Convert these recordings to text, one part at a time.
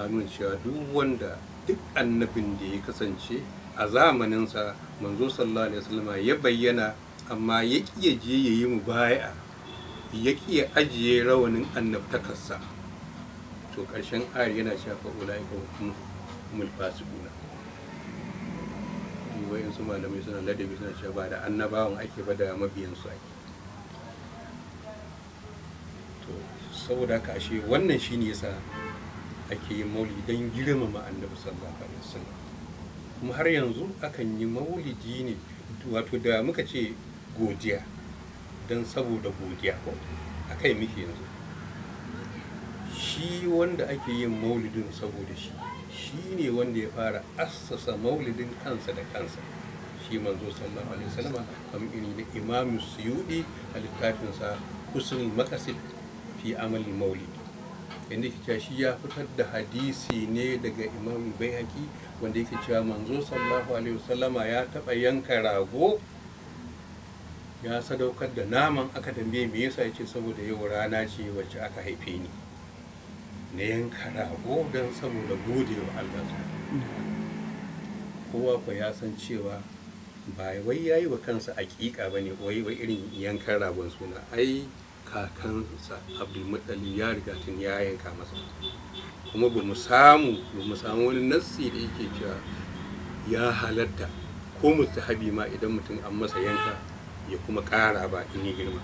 hannun cewa duk wanda duk annabin da ya kasance a zamaninsa manzo sallallahu alaihi wasallam ya bayyana amma ya kiya je ya yi mubaya ya kiya ajiye rawanin annabtakarsa to ƙarshen ayar yana shafa ula'ika kuma mulfasikuna wayan su malamai suna ladabi suna cewa ba da annabawan ake ba da mabiyansu ake to saboda haka ashe wannan shine yasa ake yin maulidi don girmama annabi sallallahu alaihi wasallam kuma har yanzu akan yi maulidi ne wato da muka ce godiya don saboda godiya ko akai muke yanzu shi wanda ake yin maulidin saboda shi shi ne wanda ya fara assasa maulidin kansa da kansa shi manzo sallallahu alaihi wasallam kamar da imamu suyudi a littafinsa husnul makasid fi amalin maulidi inda yake cewa shi ya fitar da hadisi ne daga imam baihaqi wanda yake cewa manzo sallallahu alaihi wasallama ya taba yanka rago ya sadaukar da naman aka tambaye me yasa yace saboda yau rana ce wacce aka haife ni na yanka rago don saboda gode wa Allah kowa kwa ya san cewa ba wai yayi wa kansa aƙiƙa bane wai wai irin yankan ragon suna ai kakansa abdulmuttali ya riga tun ya yanka masa kuma ba mu samu ba mu samu wani nassi da yake cewa ya halatta ko mustahabi ma idan mutum an masa yanka ya kuma ƙara ba in yi girma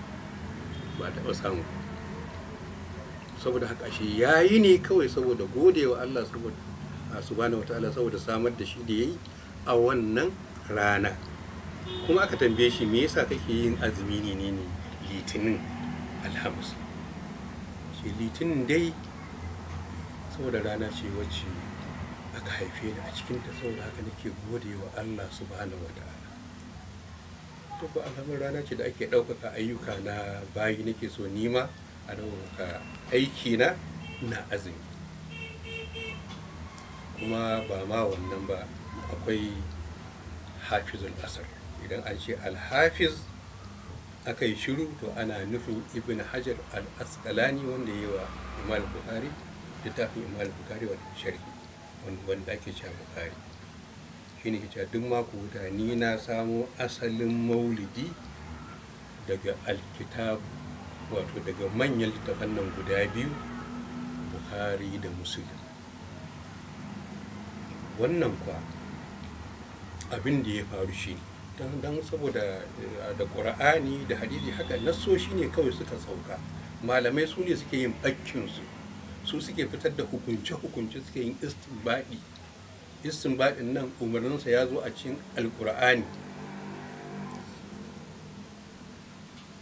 ba taɓa samu saboda haka shi ya yi ne kawai saboda wa Allah saboda ah, subhanahu wataala saboda samar da shi da ya yi a wannan rana kuma aka tambaye shi me yasa kake yin azumi ne ne litinin alhamis ke litinin dai saboda rana ce wacce aka haife ni a cikin ta saboda haka nake gode wa Allah subhanahu wa ta'ala to ko alhamdulillah rana ce da ake ɗaukaka ayyuka na bayi nake so nima a ɗaukaka aiki na na azumi kuma ba ma wannan ba akwai hafizul asar idan an ce alhafiz aka yi shiru to ana nufin ibn hajar al-asqalani wanda ya yi wa imal bukari littafin imal bukari wa sharhi wanda ake cewa bukari shi ne cewa duk mako guda ni na samo asalin maulidi daga alkitab wato daga manyan littafan nan guda biyu bukari da musulun wannan kwa abin da ya faru shi ne don saboda eh, da ƙura'ani da hadisi haka nassoshi ne kawai suka sauka malamai su ne suke yin bakkinsu su suke fitar da hukunce-hukunce suke yin istinbadi istinbadin nan umarninsa ya zo a cikin alƙura'ani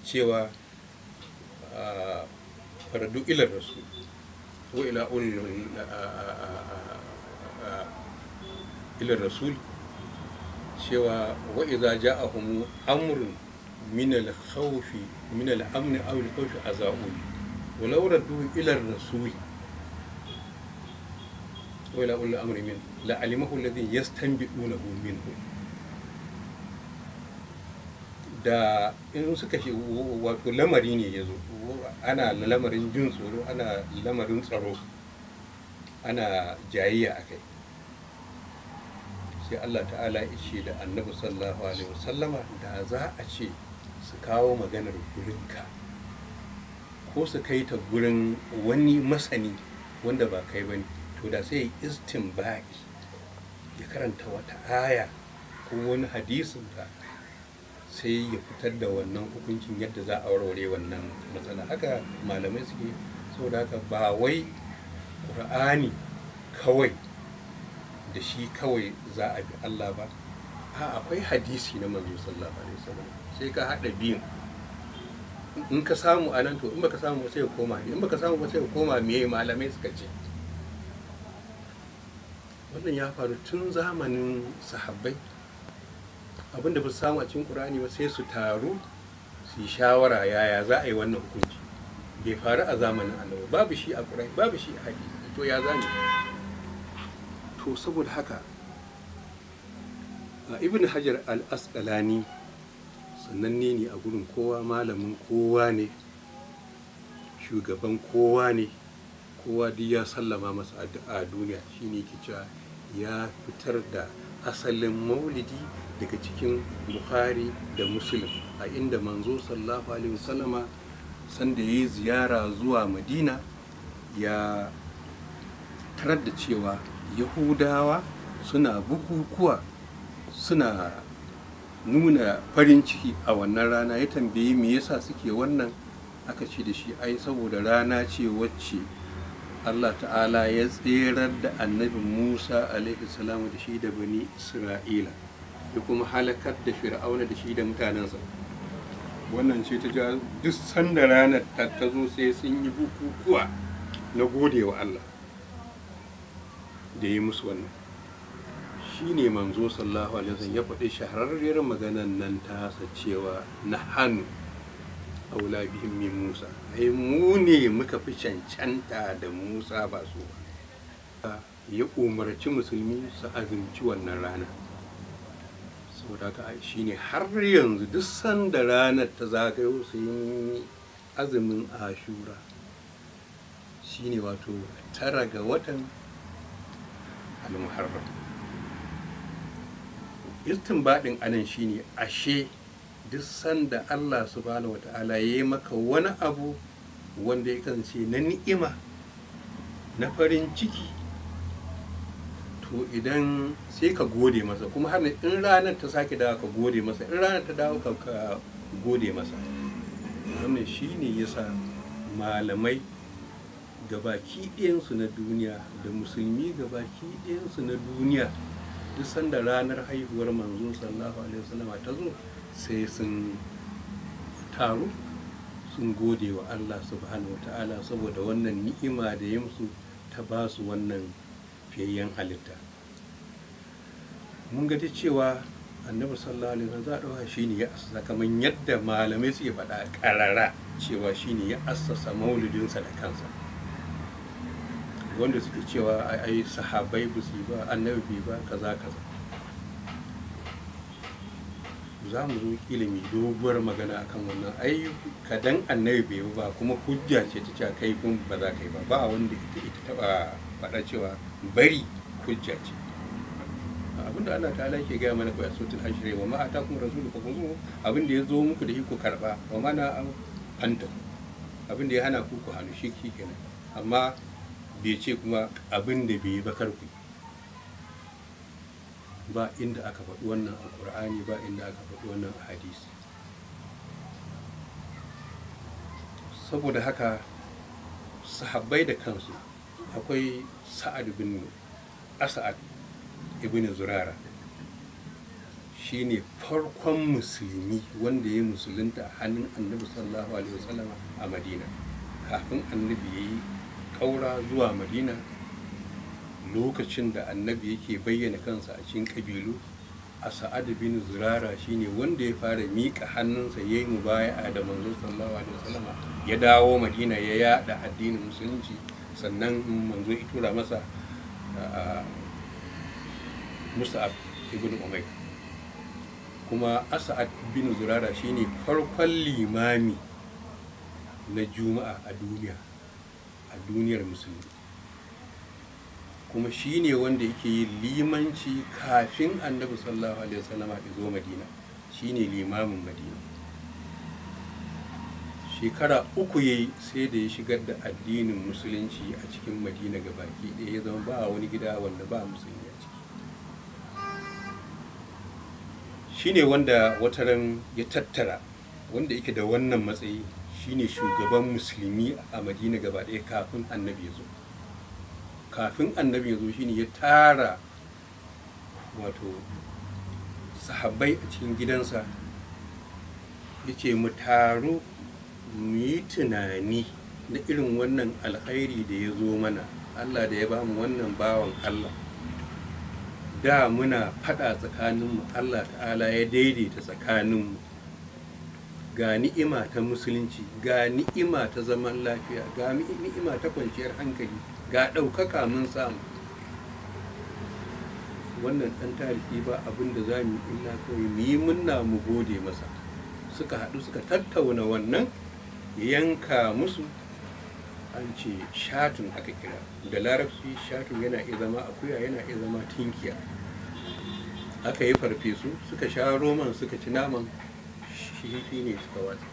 cewa faradu ilar su wa ila ulil ilar rasul cewa wa idza ja'ahum amrun min al-khawf min al-amn aw al-khawf aza'u wa law raddu ila ar-rasul wa ila ulil amri min la alimahu alladhi yastanbidunahu minhu da in suka shi wato lamari ne ya zo ana lamarin jin tsoro ana lamarin tsaro ana jayayya a kai sai Allah ta'ala ya ce da annabi sallallahu alaihi wasallama da za a ce su kawo maganar gurinka ko su kai ta gurin wani masani wanda ba kai bane to da sai istinbaki ya karanta wata aya ko wani hadisin ka sai ya fitar da wannan hukuncin yadda za a warware wannan matsala haka malamai suke saboda haka ba wai ƙur'ani kawai da shi kawai za a bi Allah ba a akwai hadisi na manzo sallallahu alaihi wasallam sai ka hada biyun in ka samu a nan to in baka samu sai ka koma in baka samu sai ka koma me malamai suka ce wannan ya faru tun zamanin sahabbai abinda ba su samu a cikin qur'ani ba sai su taru su yi shawara yaya za a yi wannan hukunci bai faru a zamanin annabi babu shi a qur'ani babu shi a hadisi to ya zame to saboda haka ibn hajar al-asqalani sananne ne a gurin kowa malamin kowa ne shugaban kowa ne kowa duk ya sallama masa addu'a duniya shine ke cewa ya fitar da asalin maulidi daga cikin bukhari da muslim a inda manzo sallallahu alaihi wasallama sanda ya yi ziyara zuwa madina ya tarar da cewa yahudawa suna bukukuwa suna nuna farin ciki a wannan rana ya tambayi me yasa suke wannan aka ce da shi ai saboda rana ce wacce allah ta'ala ya tserar da annabi musa alaihi salamu da shi da bani isra'ila ya kuma halakar da fir'auna da shi da mutanensa wannan ce ta duk sanda ranar ta zo sai sun yi bukukuwa na gode wa allah da yi musu wannan shi ne manzo sallahu alaihi wasallam ya faɗi shahararriyar maganan nan tasa cewa na hannu aula bihim min Musa ai mu ne muka fi cancanta da Musa ba su ya umarci musulmi su azumci wannan rana saboda ka shi ne har yanzu duk sanda ranar ta zagayo su yi azumin ashura ne wato tara ga watan al-muharram istinbadin anan shine ashe duk sanda Allah subhanahu wata'ala ya yi maka wani abu wanda ya kasance na ni'ima na farin ciki to idan sai ka gode masa kuma har in ranar ta sake dawo ka gode masa in ranar ta dawo ka gode masa wannan shine yasa malamai gabaki ɗayansu na duniya da musulmi gabaki ɗayansu na duniya duk sanda ranar haihuwar manzon sallallahu alaihi wasallam ta zo sai sun taru sun gode wa Allah subhanahu ta'ala saboda wannan ni'ima da ya musu ta ba su wannan fiyayyen halitta mun gaji cewa annabi sallallahu alaihi wasallam za a ɗauka shine ya asasa kamar yadda malamai suke faɗa ƙarara cewa shine ya asasa maulidinsa da kansa wanda suke cewa ai sahabai ba su ba annabi ba kaza kaza za mu zo ilimi doguwar magana akan wannan ai kadan annabi bai ba kuma hujja ce ta cewa kai kun ba za ka yi ba ba wanda ita ita taba faɗa cewa bari hujja ce abinda Allah ta'ala ke gaya mana kuwa sautin hashire wa ma ata kuma rasulu fa kuzo abinda ya zo muku da shi ku karba wa mana an anta abinda ya hana ku ku hannu shi kenan amma bai ce kuma abin da bai yi ba karku ba inda aka faɗi wannan a ƙur'ani ba inda aka faɗi wannan a hadisi saboda haka sahabbai da kansu akwai sa'ad bin asa'ad ibn zurara shine farkon musulmi wanda ya musulunta a hannun annabi sallallahu alaihi wasallama a madina kafin annabi ya yi ƙaura zuwa madina lokacin da annabi yake bayyana kansa a cikin ƙabilu a sa'ad bin zurara shine wanda ya fara mika hannunsa ya yi a da manzo sallallahu alaihi wasallama ya dawo madina ya yada addinin musulunci sannan manzo ya tura masa musa'ab ibn umayr kuma asa'ad bin zurara shine farkon limami na juma'a a duniya a duniyar musulmi kuma shi ne wanda yake yi limanci kafin annabi sallallahu alaihi wasallam a zo madina shi ne limamin madina shekara uku ya yi sai da ya shigar da addinin musulunci a cikin madina ga baki ɗaya ya zama ba wani gida wanda ba musulmi a ciki shi ne wanda wataran ya tattara wanda yake da wannan matsayi shine shugaban musulmi a madina gaba ɗaya kafin annabi ya zo kafin annabi ya zo shine ya tara wato sahabbai a cikin gidansa ya ce mu taro mu yi tunani na irin wannan alkhairi da ya zo mana allah da ya ba mu wannan bawan allah da muna faɗa tsakaninmu allah ta'ala ya daidaita tsakaninmu ga ni'ima ta musulunci ga ni'ima ta zaman lafiya ga ni'ima ta kwanciyar hankali ga ɗaukaka mun samu wannan ɗan tarihi ba abin da za mu illa kawai mu yi munna mu gode masa suka haɗu suka tattauna wannan yanka musu an ce shatun aka kira da larabci shatun yana iya zama akuya yana iya zama tinkiya aka yi farfesu suka sha roman suka ci naman shi ne suka watsa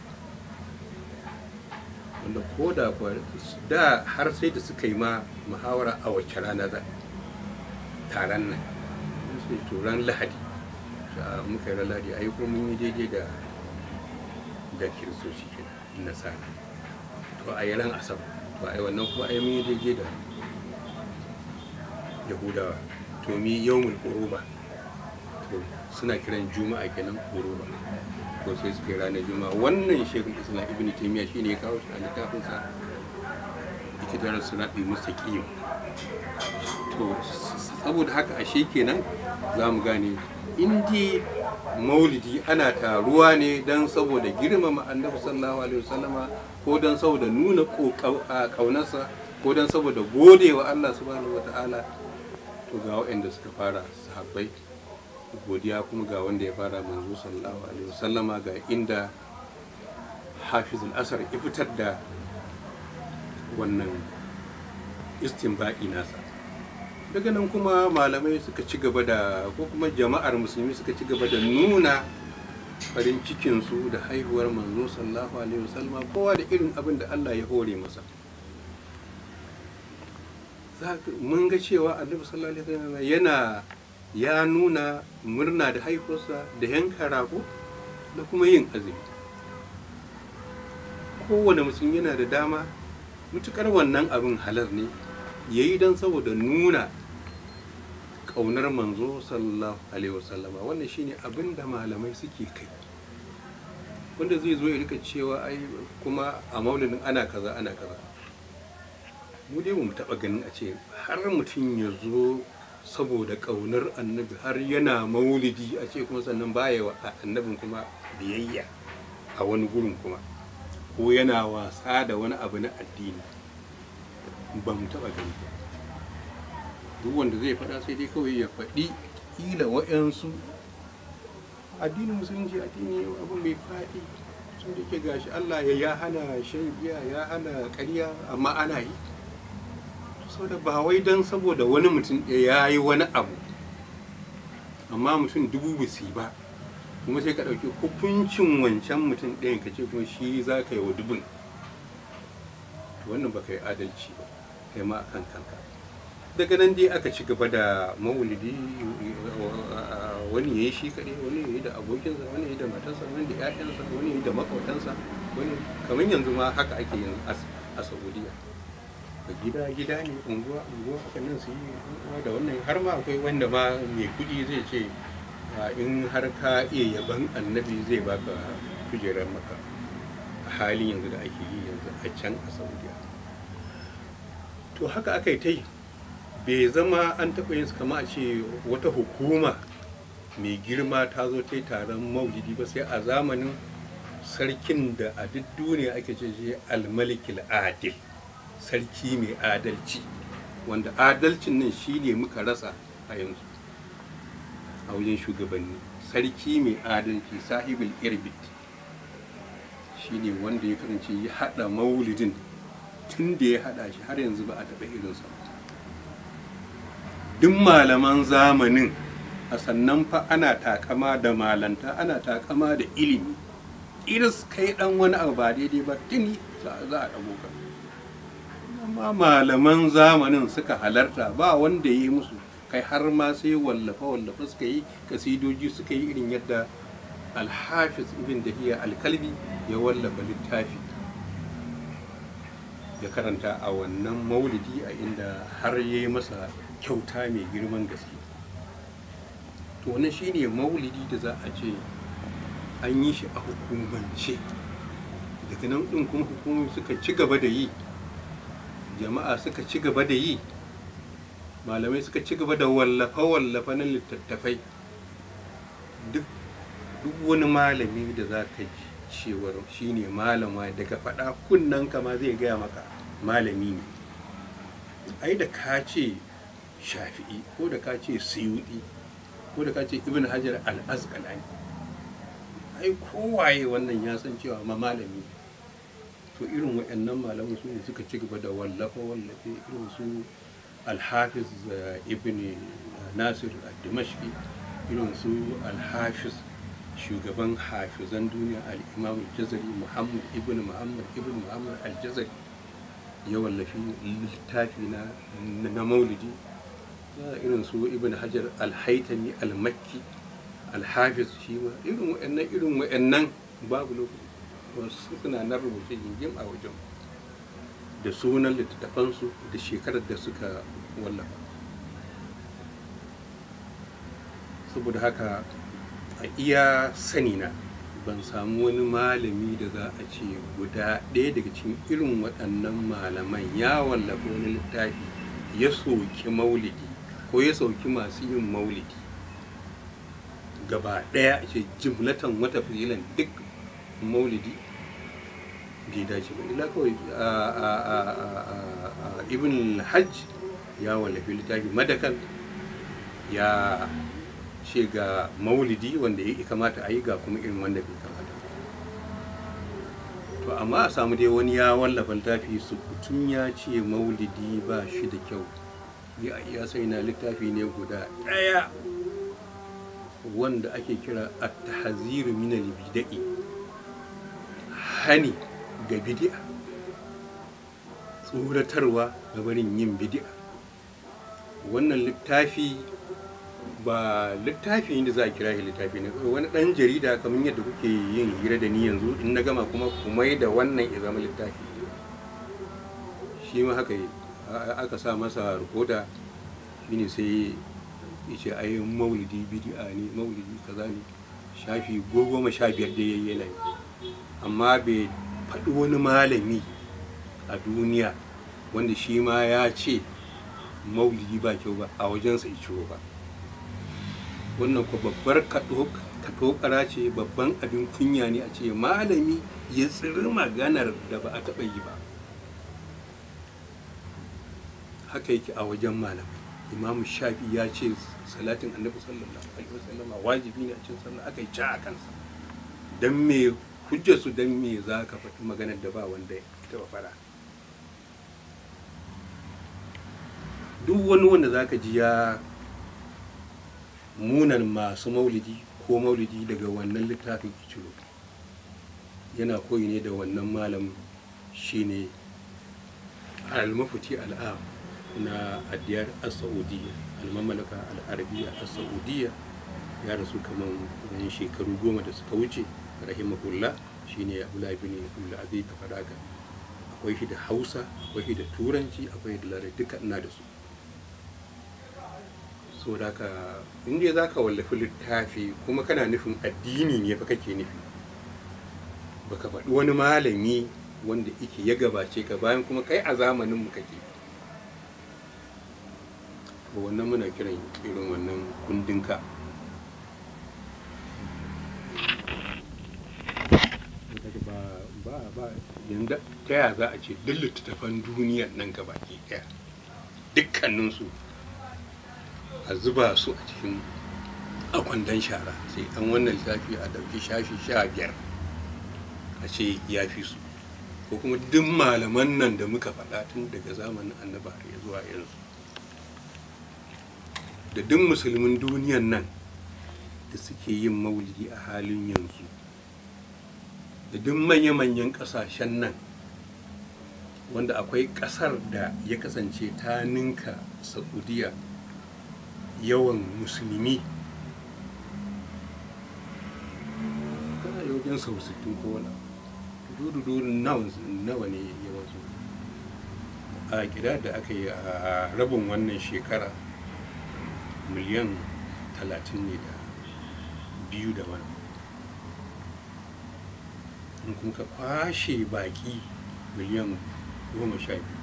wanda ko da da har sai da suka yi ma muhawara a wacce rana za taron nan sai turan lahadi a muka yi lahadi a yi kuma mun yi daidai da da kiristoci ke nasara to a yi ran asab to a yi wannan kuma a yi mun yi daidai da yahudawa to mi yau quruba to suna kiran juma'a kenan quruba ko sai kai ranar juma'a wannan shekul islam ibn taimiyya shine ya kawo shi a littafinsa ita da suraɗi mustaƙim to saboda haka ashe kenan za mu gane indi maulidi ana taruwa ne don saboda girmama annabi sallallahu alaihi wasallama ko don saboda nuna ƙaunarsa ko don saboda gode wa allah subhanahu wataala to ga waɗanda suka fara sahabbai godiya kuma ga wanda ya fara manzo sallallahu alaihi wasallama ga inda hafizul asar ya fitar da wannan ba'i nasa daga nan kuma malamai suka ci gaba da ko kuma jama'ar musulmi suka ci gaba da nuna farin cikinsu da haihuwar manzo sallallahu alaihi wasallama kowa da irin abin da Allah ya hore masa mun ga cewa annabi sallallahu alaihi wasallama yana ya nuna murna da haihuwarsa da yanka rago da kuma yin azumi kowane mutum yana da dama mutukar wannan abin halar ne ya yi don saboda nuna ƙaunar manzo sallallahu alaihi wasallama wannan shine abin da malamai suke kai wanda zai zo ya rika cewa ai kuma a maulidin ana kaza ana kaza mu dai mu taɓa ganin a ce har mutum ya zo saboda ƙaunar annabi har yana maulidi a ce kuma sannan baya wa annabin kuma biyayya a wani gurin kuma ko yana wasa da wani abu na addini ba mu taɓa gani duk wanda zai faɗa sai dai kawai ya faɗi ƙila wa'yansu addinin musulunci addini abu mai faɗi sun da ke gashi allah ya hana shan giya ya hana ƙarya amma ana yi saboda ba wai don saboda wani mutum ɗaya ya yi wani abu amma mutum dubu bisi ba kuma sai ka ɗauki hukuncin wancan mutum ɗayan ka ce kuma shi za ka yi wa dubun wannan ba ka yi adalci ba kai ma akan kanka daga nan dai aka ci gaba da mawulidi wani ya yi shi kaɗai wani ya yi da abokinsa wani ya yi da matarsa wani da 'ya'yansa wani ya yi da makwabtansa wani kamar yanzu ma haka ake yin a saudiya gida gida ne unguwa unguwa a nan su yi da wannan har ma akwai wanda ma mai kuɗi zai ce in har ka iya yaban annabi zai baka kujerar maka a halin yanzu da ake yi yanzu a can a saudiya to haka aka yi ta yi bai zama an taɓa yin su kama a ce wata hukuma mai girma ta zo ta yi taron maulidi ba sai a zamanin sarkin da a duk duniya ake ce shi almalikil adil sarki mai adalci wanda adalcin nan shine muka rasa a yanzu a wajen shugabanni sarki mai adalci sahibul irbit shi wanda ya kasance ya haɗa maulidin tun da ya haɗa shi har yanzu ba a taɓa irinsa duk malaman zamanin a sannan fa ana takama da malanta ana takama da ilimi iris kai dan wani abu ba daidai ba tuni za a ɗago ka ma malaman zamanin suka halarta ba wanda ya yi musu kai har ma sai wallafa wallafa suka yi kasidoji suka yi irin yadda alhafiz ibn dahiya alkalbi ya wallafa littafi ya karanta a wannan maulidi a inda har ya yi masa kyauta mai girman gaske to shi shine maulidi da za a ce an yi shi a hukumance daga nan ɗin kuma hukumomi suka ci gaba da yi jama'a suka ci gaba da yi malamai suka ci gaba da wallafa-wallafa na littattafai duk wani malami da za ka ji cewar ne malama daga faɗa kunnen kama zai gaya maka malami ne ai da ka ce shafi'i ko da ka ce siyudi ko da ka ce ibn hajar al ai kowaye wannan ya san cewa ma malami ne to irin wa'annan malamai su ne suka ci gaba da wallafa wallafe irin su alhafiz eh, ibn eh, nasir dimashki irin su alhafiz shugaban hafizan duniya al'imam al-jazari muhammad ibn muhammad ibn muhammad al-jazari ya wallafi littafi na maulidi irin su ibn hajar al-haitami al-makki al shi ma irin wa'annan irin wa'annan babu lokaci wasu suna na rubuce jingim a wajen da sunan littattafansu da shekarar da suka wallafa saboda haka a iya sanina ban samu wani malami da za a ce guda ɗaya daga cikin irin waɗannan malaman ya wallafa wani littafi ya soki maulidi ko ya soki masu yin maulidi gaba ɗaya a ce jimlatan wata filan duk maulidi ya dace ba ila kawai ibn hajj ya wallafi littafi madakan ya ce ga maulidi wanda ya kamata a yi ga kuma irin wanda bai kamata to amma a samu dai wani ya wallafa littafi su kutun ya ce maulidi ba shi da kyau ya sai na littafi ne guda ɗaya wanda ake kira at-tahziru min al-bida'i hani ga bidi'a tsoratarwa ga barin yin bidi'a wannan littafi ba littafi inda za a kira shi littafi ne wani ɗan jarida kamar yadda kuke yin hira da ni yanzu in na gama kuma kumai da wannan ya zama littafi shi ma haka aka sa masa rikoda shine sai ya ce ai maulidi bidi'a ne maulidi kaza ne shafi goma sha biyar da yayi yana yi amma bai faɗi wani malami a duniya wanda shi ma ya ce maulidi ba kyau ba a wajensa ciwo ba wannan ko babbar katokara ce babban abin kunya ne a ce malami ya tsiri maganar da ba a taɓa yi ba haka yake a wajen malamai imam shafi ya ce salatin annabi sallallahu alaihi wasallam wajibi ne a cikin sallah aka yi ca a kansa dan me hujjar su dan me za ka faɗi maganar da ba wanda ya taɓa fara duk wani wanda za ka ji ya munan masu maulidi ko maulidi daga wannan littafin kiciro yana koyi ne da wannan malam shine al-mafuti al'am na adiyar as-saudiyya al-mamlaka al saudiyya ya rasu kamar wani shekaru goma da suka wuce rahimahullah shine Abdullahi bin Abdul Aziz ta faɗa ka akwai shi da Hausa akwai shi da Turanci akwai da Larabci duka ina da su so da ka inda za ka wallafi littafi kuma kana nufin addini ne fa kake nufi baka faɗi wani malami wanda yake ya gabace ka bayan kuma kai a zamanin mu kake wannan muna kiran irin wannan kundinka yanzu ta yaya za a ce duk littattafan duniyar nan gabaki ɗaya dukkaninsu a zuba su a cikin akwandon shara sai dan wannan shafi a ɗauki shafi sha biyar a ce ya fi su ko kuma duk malaman nan da muka faɗa tun daga zamanin annaba har zuwa yanzu da duk musulmin duniyar nan da suke yin maulidi a halin yanzu da duk manya-manyan ƙasashen nan wanda akwai ƙasar da ya kasance ta ninka saudiya yawan musulmi kana da sau 60 ko wani dududu nawa ne yawan su a gida da aka yi a rabin wannan shekara miliyan 30 ne da biyu da wani in ka kwashe baki miliyan goma sha biyu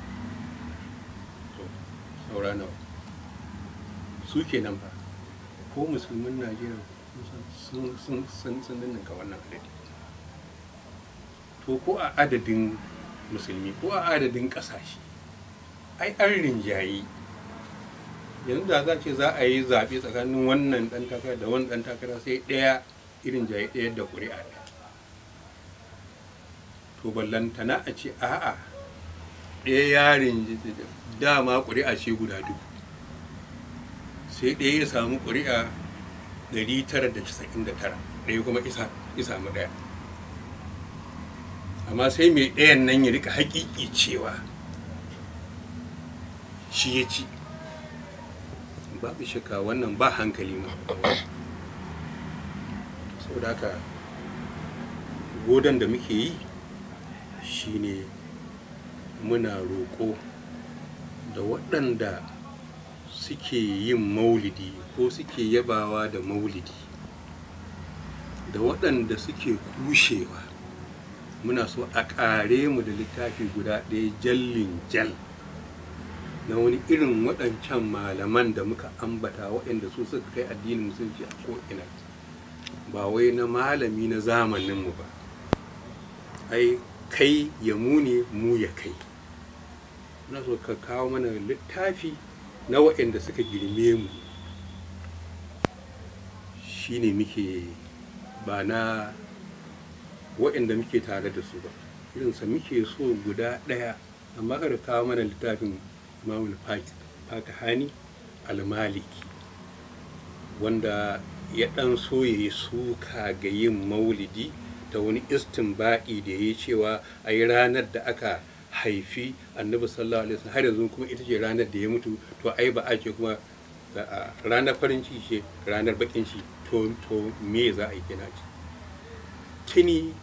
to saura nawa su ke nan ba ko musulmin najeriya sun sun ka wannan adadi to ko a adadin musulmi ko a adadin ƙasashe ai an rinjayi yanzu da za ce za a yi zaɓe tsakanin wannan ɗan takara da wani ɗan takara sai ɗaya irin jaye ɗaya da ƙuri'a ɗaya to ballantana a ce a'a ɗaya yarin dama ƙuri'a ce guda duk sai ɗaya ya samu ƙuri'a 999 ɗaya kuma isa mu ɗaya amma sai mai ɗayan nan ya rika haƙiƙi cewa shi ya ci babu shakka wannan ba hankali ma saboda haka godan da muke yi shine muna roƙo da waɗanda suke yin maulidi ko suke yabawa da maulidi da waɗanda suke kushewa muna so a ƙare mu da littafi guda ɗaya jallin jal na wani irin waɗancan malaman da muka ambata waɗanda su suka kai addinin musulunci a ko'ina ba wai na malami na zamaninmu ba ai kai ya mu ne mu ya kai na so ka kawo mana littafi na waɗanda suka girme mu shi ne muke ba na waɗanda muke tare da su ba irinsa muke so guda ɗaya amma ka kawo mana littafin imamul fakahani almaliki wanda ya ɗan so ya yi suka ga yin maulidi da wani istinba'i da ya yi cewa a yi ranar da aka haifi annabi sallallahu alaihi wasallam har yanzu kuma ita ce ranar da ya mutu to ai ba a ce kuma ranar farin ciki ce ranar bakin ci to to me za a yi kenan tuni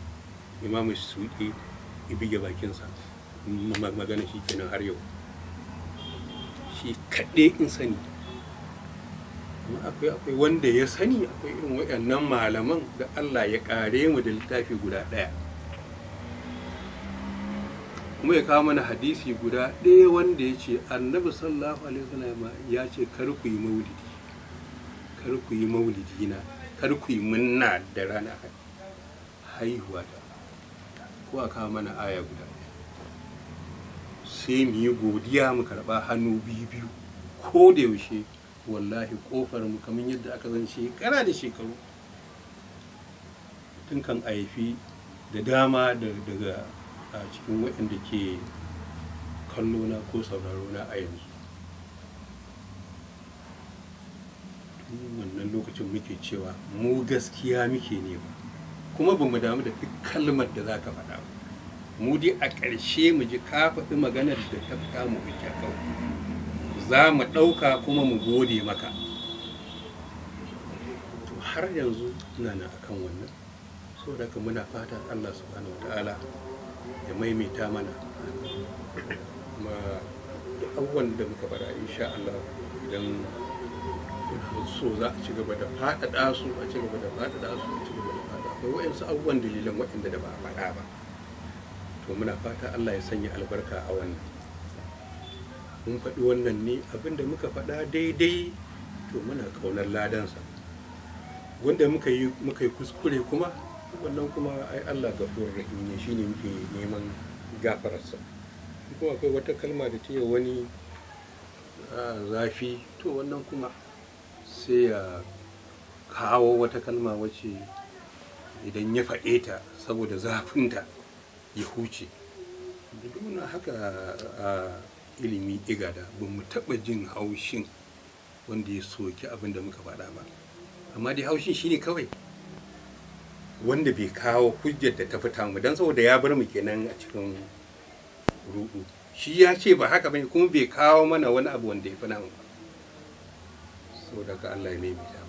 imamu ga bakin bakinsa magana shi kenan har yau shi kaɗai in sani akwai akwai wanda ya sani akwai irin waɗannan malaman da Allah ya kare mu da littafi guda ɗaya kuma ya kawo mana hadisi guda ɗaya wanda ya ce annabi sallallahu alaihi wasallam ya ce kar ku yi maulidi kar ku yi maulidi na kar ku yi munna da rana haihuwa ta ko a kawo mana aya guda sai mu yi godiya mu karɓa hannu biyu biyu ko da yaushe wallahi kofar mu kamar yadda aka zan shekara da shekaru tun kan aifi da dama daga a cikin waɗanda ke kallo na ko sauraro na a yanzu tun wannan lokacin muke cewa mu gaskiya muke ne ba kuma ba mu damu da duk kalmar da za ka faɗa mu dai a ƙarshe mu ji ka faɗi maganar da ta fita mu hujja za mu ɗauka kuma mu gode maka to har yanzu ina na akan wannan saboda daga muna fata allah subhanahu wa ta'ala ya maimaita mana ma abubuwan da muka fara insha allah idan so za a ci gaba da faɗaɗa su a ci gaba da faɗaɗa su a ci gaba da faɗaɗa akwai wa'yansu abubuwan dalilan waɗanda da ba a faɗa ba to muna fata allah ya sanya albarka a wannan mun faɗi wannan ne abinda muka faɗa daidai to muna ƙaunar ladansa wanda muka yi muka yi kuskure kuma wannan kuma ai Allah gafur rahim ne shine muke neman gafararsa kuma akwai wata kalma da ta wani zafi to wannan kuma sai ya kawo wata kalma wacce idan ya faɗe ta saboda zafin ta ya huce duk haka ilimi igada ba mu taɓa jin haushin wanda ya soki abin da muka faɗa ba amma dai haushin shi ne kawai wanda bai kawo hujjar da ta fita mu don saboda ya bar mu kenan a cikin ruɗu shi ya ce ba haka bane kuma bai kawo mana wani abu wanda ya fi namu ba saboda ka Allah ya maimaita